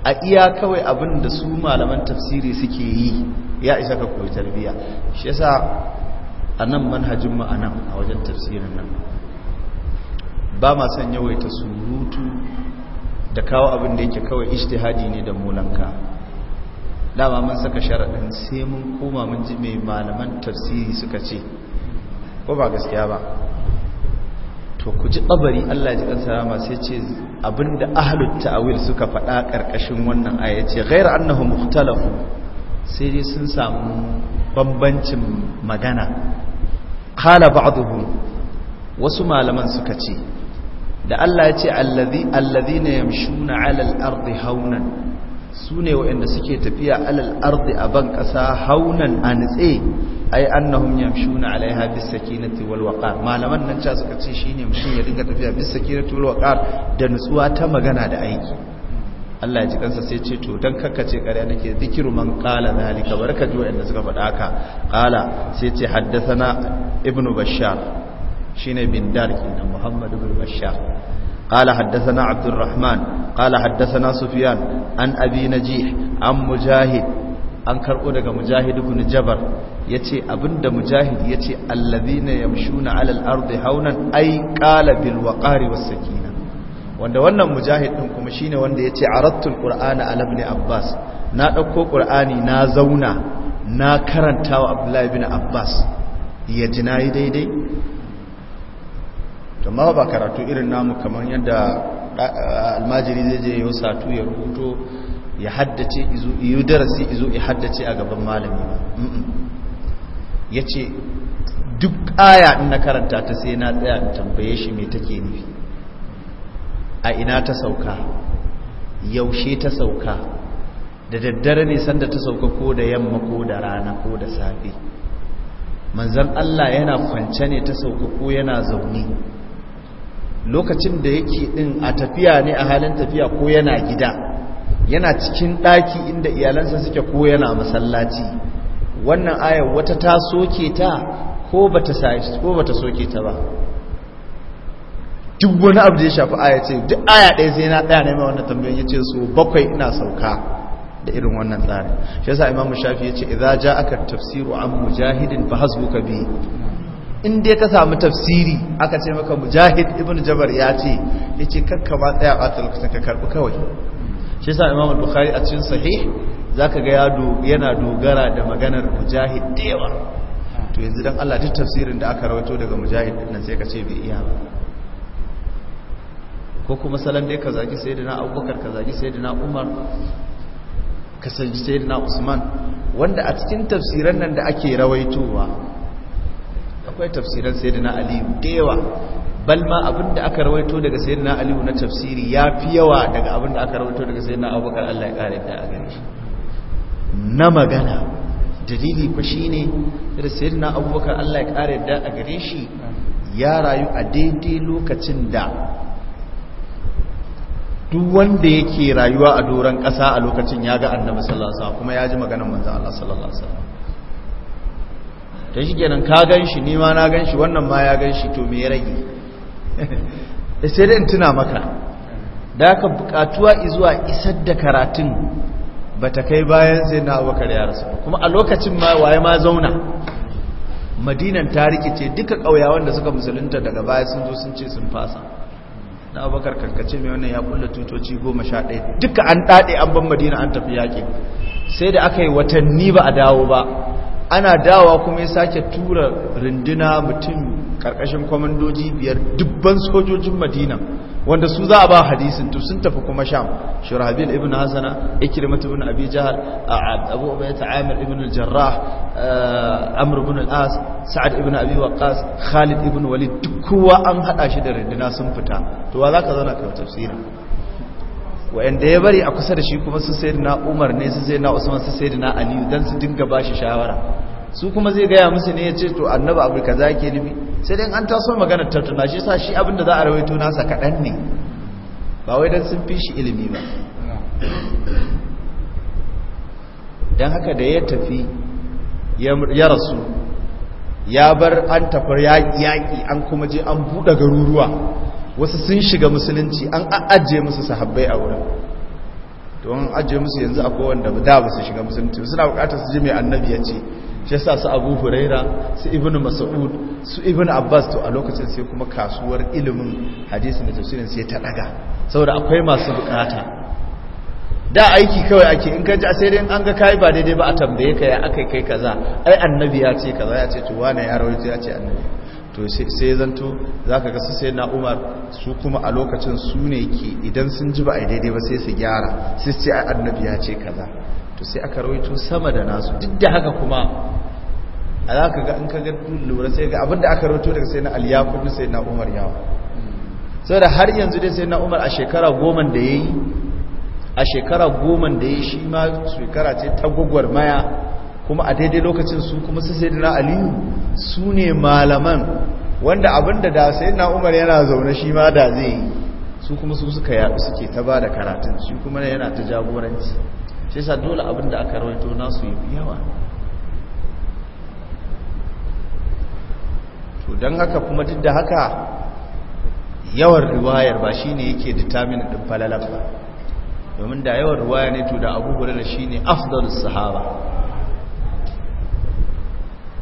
a iya kawai abin da su malaman tafsiri suke yi ya isa ka koyi tarbiyya shi yasa a nan manhajin mu a nan a wajen tafsirin nan ba ma son yawaita surutu da kawo abin da yake kawai ishtihadi ne da mulanka dama mun saka sharaɗin sai mun koma mun ji mai malaman tafsiri suka ce ko ba gaskiya ba to ku ji ƙabari Allah ji kansa rama sai ce abinda ahlut ta'awil suka faɗa ƙarƙashin wannan aya ce ghairu annahu ikhtalafu sai dai sun samu bambancin magana qala ba'dhum wasu malaman suka ce da Allah ya ce allazi allazina yamshuna 'ala al-ardi haunan sune waɗanda suke tafiya 'ala al-ardi a ban ƙasa haunan a ai annahum yamshuna alaiha bis sakinati wal waqar malaman nan ta suka ce shine mutum ya dinga tafiya bis sakinati wal waqar da nutsuwa ta magana da aiki Allah ya ji kansa sai ce to dan kakkace ƙarya nake zikiru man qala zalika baraka ji wanda suka faɗa haka qala sai ce haddathana ibnu bashar shine bin dar kenan muhammad ibn bashar قال حدثنا عبد الرحمن قال حدثنا سفيان عن أبي نجيح عن مجاهد an karɓo daga mujahid ibn jabar yace abinda mujahid yace allazina yamshuna alal ardi haunan ai qala bilwa waqari was sakina wanda wannan mujahid din kuma shine wanda ya a rattun qur'ana ala ibn abbas na ɗauko qur'ani na zauna na karanta wa abdullahi ibn abbas ya ji yi daidai to ma ba karatu irin namu kamar yadda almajiri zai je ya satu ya rubuto ya haddace izo yi darasi izo ya haddace a gaban malami ba ya ce duk aya in na karanta ta sai na tsaya in tambaye shi mai take nufi a ina ta sauka yaushe ta sauka da daddare ne sanda ta sauka ko da yamma ko da rana ko da safe manzan Allah yana kwance ne ta sauka ko yana zaune lokacin da yake din a tafiya ne a halin tafiya ko yana gida yana cikin ɗaki inda iyalansa suke ko yana masallaci wannan ayar wata ta soke ta ko bata soke ta ba duk wani abu da ya shafi aya ce duk aya ɗaya sai na ɗaya nema wannan tambayin ya ce so bakwai ina sauka da irin wannan tsarin shi yasa imamu shafi ya ce idza ja aka tafsiru an mujahidin fa hasbuka bi in dai ka samu tafsiri aka ce maka mujahid ibnu jabar ya ce yace kakka ma tsaya ba ta lokacin ka karbi kawai shi sa Imam Bukhari a cikin sahih zaka ga yana dogara da maganar Mujahid da yawa to yanzu dan Allah duk tafsirin da aka rawaito daga Mujahid nan sai ka ce bai iya ba ko kuma salon dai ka zagi sayyidina Abubakar ka zagi sayyidina Umar ka sanji sayyidina Usman wanda a cikin tafsiran nan da ake rawaitowa akwai tafsiran sayyidina Ali da yawa bal ma da aka rawaito daga sayyidina aliyu na tafsiri ya fi yawa daga abin da aka rawaito daga sayyidina abubakar Allah ya kare da a gare na magana dalili ku shine da sayyidina abubakar Allah ya kare da a gare shi ya rayu a daidai lokacin da duk wanda yake rayuwa a doron ƙasa a lokacin ya ga annabi sallallahu alaihi wasallam kuma ya ji maganar manzon Allah sallallahu alaihi wasallam dan shi kenan ka gan shi ni ma na gan shi wannan ma ya gan shi to me rage Eh, sai dai tuna maka da ka bukatuwa izuwa isar da karatun ba ta kai bayan sai na abokar yarasa kuma a lokacin ma waye ma zauna madinan ta rikice duka ƙauyawan da suka musulunta daga baya sun zo sun ce sun fasa na abokar karkace mai wannan ya kulla tutoci goma sha ɗaya duka an ɗaɗe an ban madina an tafi yaƙi sai da aka yi watanni ba a dawo ba ana dawa kuma ya sake tura rindina mutum karkashin kwamandoji biyar dubban sojojin madina wanda su za a ba hadisin to sun tafi kuma sham shirabil ibn hasana ikrimat ibn Abijahar, abu ubayta amir ibn jarrah eh, Amur ibn al sa'ad ibn abi Waqas, khalid ibn walid duk kowa an hada shi da rinduna sun fita to wa zaka zauna ka tafsira wayanda ya bari a kusa da shi kuma su sai na umar ne su sai na usman su sai na aliyu don su dinga ba shi shawara su kuma zai gaya musu ne ya ce to annaba abu za ke nufi sai dai an taso magana tattuna shi sa shi abinda za a rawaito nasa kaɗan ne ba wai don sun fi shi ilimi ba don haka da ya tafi ya rasu ya bar an tafar yaƙi an kuma je an buɗe garuruwa wasu sun shiga musulunci an ajiye musu sahabbai a wurin to an ajiye musu yanzu a wanda da ba su shiga musulunci suna bukatar su ji mai annabi ya ce shi sa su Abu Huraira su Ibn Mas'ud su Ibn Abbas to a lokacin sai kuma kasuwar ilimin hadisi da tafsirin sai ta daga saboda akwai masu bukata da aiki kawai ake in kaji sai dai an ga kai ba daidai ba a tambaye ka ya akai kai kaza ai annabi ya ce kaza ya ce to wane ya rawaito ya ce annabi to sai zanto za ka gasa sai na umar su kuma a lokacin su ne ke idan sun ji ba a daidai ba sai su gyara sai ce a annabi ya ce kaza to sai aka rawaito sama da nasu duk da haka kuma a za ka ga in ka ga lura sai ga abinda aka rawaito daga sai na aliyaku da sai na umar yawa Sai da har yanzu dai sai na umar a shekara goma da ya yi a shekara goma da ya yi shi ma shekara ce ta gwagwarmaya kuma a daidai lokacin su kuma su sai dina aliyu su ne malaman wanda abinda da sai na umar yana zaune shi ma da zai yi su kuma su suka yaɗu suke ta ba da karatun shi kuma yana ta jagoranci shi sa dole abinda aka rawaito nasu yi yawa to don haka kuma duk da haka yawan riwayar ba shi ne yake determine ɗin falalar ba domin da yawan riwaya ne to da da shi ne afdalus sahaba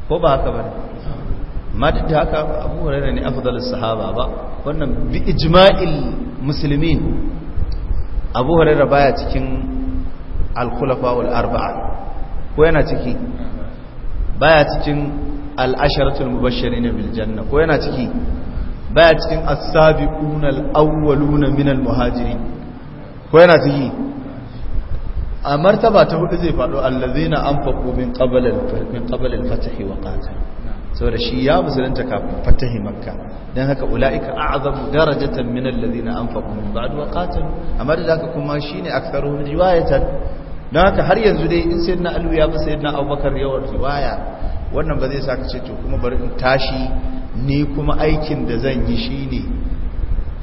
ko ba haka bane ma duk da haka abu hurairah ne afdalus sahaba ba wannan bi ijma'il muslimin abu hurairah baya cikin al-khulafa'ul arba'a ko yana ciki baya cikin al-asharatul mubashirin na janna ko yana ciki baya cikin as-sabiquna al-awwaluna min muhajirin ko yana ciki a martaba ta hudu zai faɗo allazina anfaqu min qabla min qabla al-fath wa qatal saboda shi ya musulunta kafin fatahi makka dan haka ulaika a'zamu darajatan min allazina anfaqu min ba'd wa qatal amma da kuma shine aktharuhum riwayatan dan haka har yanzu dai in sayyidina Ali ya bi sayyidina Abubakar yawar riwaya wannan ba zai saka ce to kuma bari in tashi ni kuma aikin da zan yi shine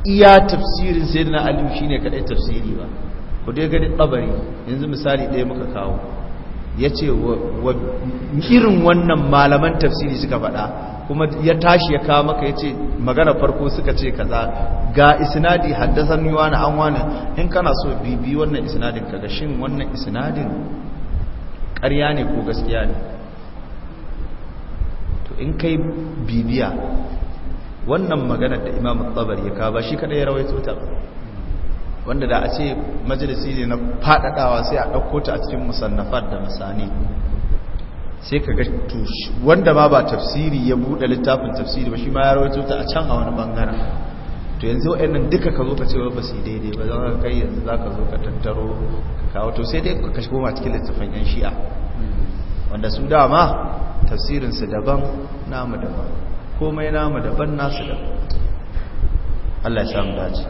iya tafsirin sayyidina Ali shine kadai tafsiri ba ku dai gani tsabari yanzu misali ɗaya muka kawo ya ce wa irin wannan malaman tafsiri suka faɗa kuma ya tashi ya kawo maka ya ce magana farko suka ce kaza ga isnadi haddasa niwa na an wani in kana so bibi wannan isnadin kaga shin wannan isnadin ƙarya ne ko gaskiya ne to in kai bibiya wannan magana da imamu tsabar ya kawo ba shi kaɗai ya rawaito ta wanda da a ce majalisi ne na fadadawa sai a dauko ta a cikin musannafar da masani sai ka ga wanda ma ba tafsiri ya bude littafin tafsiri ba shi ma ya rawaito ta a can a wani bangaren to yanzu wayannan duka ka zo ka ce ba su daidai ba za ka kai yanzu za ka zo ka tattaro ka kawo to sai dai ka kashe goma cikin littafin yan shi'a wanda su dama tafsirinsu daban namu daban komai namu daban nasu daban Allah ya samu dace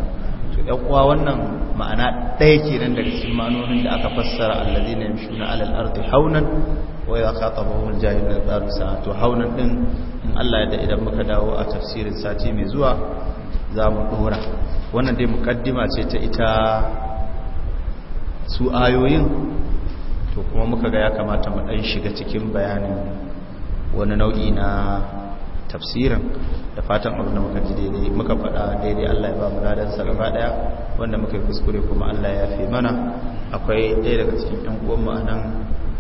to uwa wannan ma'ana ɗaya ke nan daga cikin manonin da aka fassara allazi na yamshi na alal ardi haunan wa ya kata bahun jahil na tsarin sa to haunan ɗin in allah ya da idan muka dawo a tafsirin sati mai zuwa za mu ɗora wannan dai muƙaddima ce ta ita su ayoyin to kuma muka ga ya kamata mu ɗan shiga cikin bayanin wani nau'i na tafsirin da fatan abin da muka ji daidai muka faɗa daidai Allah ya ba mu ladan sa gaba daya wanda muka yi kuskure kuma Allah ya fi mana akwai ɗaya daga cikin ɗan uwan mu anan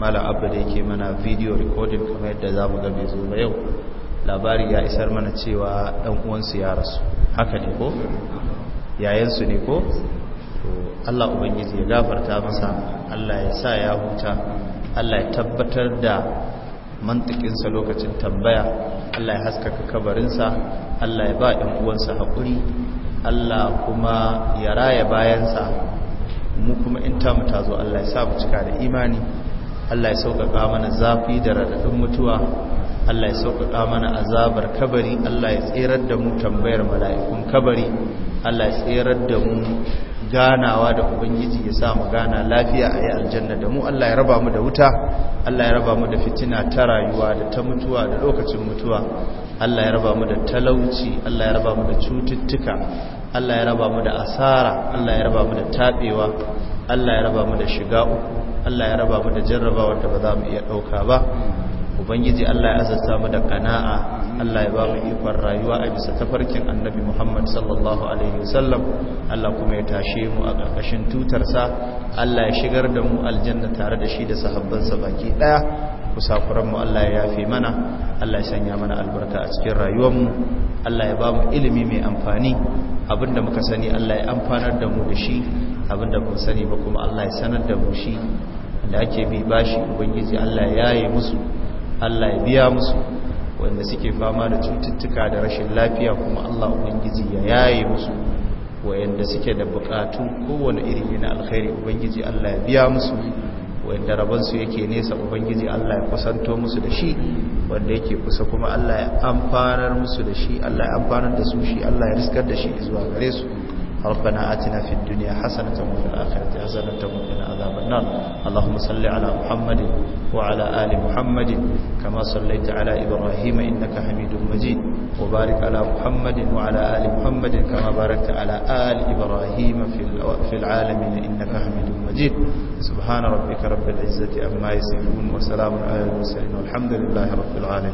malam Abba da yake mana video recording kamar yadda za mu ga bai zo ba yau labari ya isar mana cewa ɗan uwansu ya rasu haka ne ko yayansu ne ko to Allah ubangiji ya gafarta masa Allah ya sa ya huta Allah ya tabbatar da mantikinsa lokacin tambaya Allah ya haskaka kabarinsa Allah ya ba ɗan uwansa haƙuri Allah kuma ya raya bayansa mu kuma in ta mu tazo Allah ya sa mu cika da imani Allah ya sauƙaƙa mana zafi da radadin mutuwa Allah ya sauƙaƙa mana azabar kabari Allah ya tserar da mu tambayar mala'ikun kabari Allah ya tserar da mu ganawa da ubangiji ya sa mu gana lafiya a yi aljanna da mu Allah ya raba mu da wuta Allah ya raba mu da fitina ta rayuwa da ta mutuwa da lokacin mutuwa Allah ya raba mu da talauci Allah ya raba mu da cututtuka Allah ya raba mu da asara Allah ya raba mu da tabewa Allah ya raba mu da shiga uku Allah ya raba mu da jarrabawar da ba za mu iya ɗauka ba ubangiji Allah ya azurta mu da kana'a Allah ya ba mu ikon rayuwa a bisa tafarkin annabi Muhammad sallallahu alaihi wasallam Allah kuma ya tashe mu a ƙarƙashin tutarsa Allah ya shigar da mu aljanna tare da shi da sahabbansa baki ɗaya kusakuran mu Allah ya yafe mana Allah ya sanya mana albarka a cikin rayuwar mu Allah ya ba mu ilimi mai amfani abinda muka sani Allah ya amfanar da mu da shi abinda ba sani ba kuma Allah ya sanar da mu shi da ake bi bashi ubangiji Allah ya yaye musu Allah ya biya musu wanda suke fama da cututtuka da rashin lafiya kuma Allah ubangiji ya yaye musu wayanda suke da bukatu kowane iri na alkhairi ubangiji Allah ya biya musu wanda rabansu yake nesa ubangiji Allah ya kusanto musu da shi wanda yake kusa kuma Allah ya amfanar musu da shi Allah ya amfanar da su shi Allah ya riskar da shi zuwa gare su ربنا آتنا في الدنيا حسنة وفي الآخرة حسنة وقنا عذاب النار اللهم صل على محمد وعلى آل محمد كما صليت على إبراهيم إنك حميد مجيد وبارك على محمد وعلى آل محمد كما باركت على آل إبراهيم في العالمين إنك حميد مجيد سبحان ربك رب العزة أما يصفون وسلام على المرسلين والحمد لله رب العالمين